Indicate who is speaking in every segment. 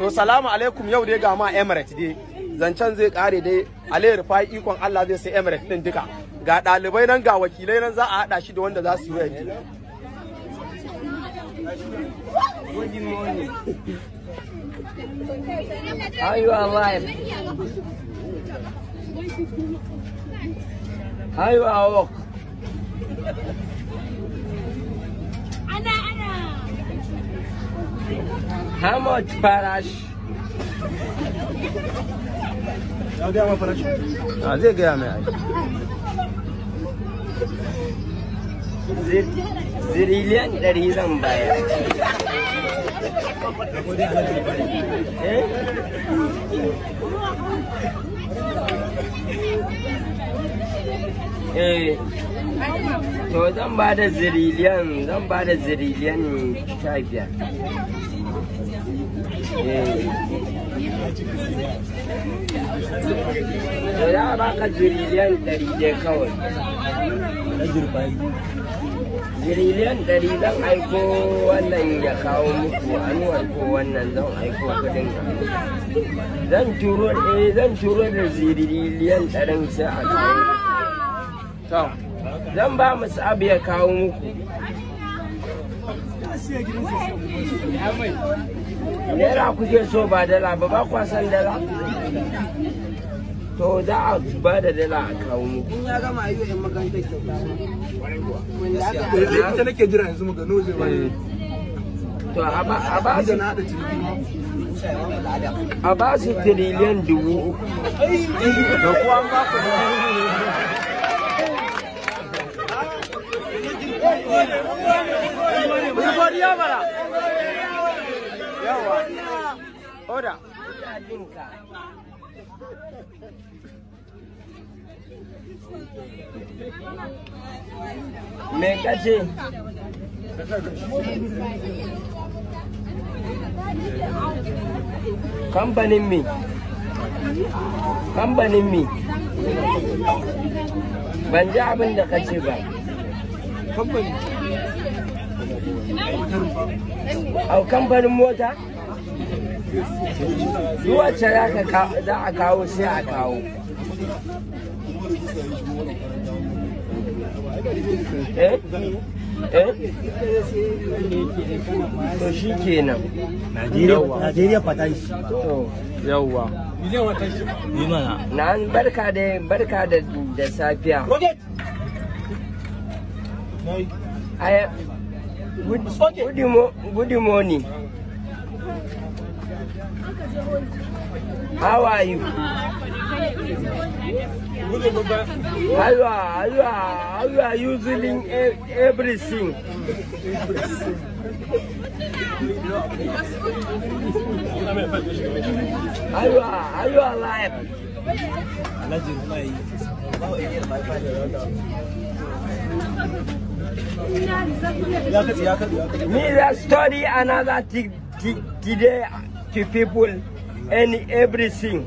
Speaker 1: to salamu alaikum yau dai ga ma emirates dai zancen zai kare dai alayi rufai ikon allah zai sai emirates din duka ga ɗalibai nan ga wakilai nan za a hada shi da wanda za su yi Are you alive? Are you How much, Parash? How much, Parash? How much, Parash? Zirillian dari Zambai. Eh? Hey. Eh. to zan ba da ziriliyan zan ba da ziriliyan sha biyar eh. to za a baka ziriliyan ɗari dai kawai ziriliyan ɗari zan aiko wannan ya kawo muku anuwar ko wannan zan aiko kudin eh, zan turo da ziriliyan ɗarin sai a kawo to zan ba mu ya kawo muku naira kuke so ba dala ba ba kwa san dala to da a ba da dala a kawo muku in ya gama yan makarantar kyauta ita nake jira eh. to a ba tiriliyan dubu godiya mana yawa oda me kace me ban ji abin da kace ba kamfani au kamfanin mota wacce za a kawo sai a kawo eh, eh? to shi na barka da barka da safiya good, good, good morning. How are you? How are, you How are, you using everything? How are, how you are alive? Me that study another thing today to people and everything.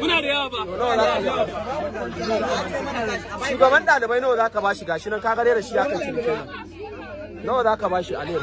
Speaker 1: muna da yawa ba shugaban ɗalibai nawa za ka ba shi gashi nan ka gare da shi ya kan ciniki nawa za ka ba shi aliyar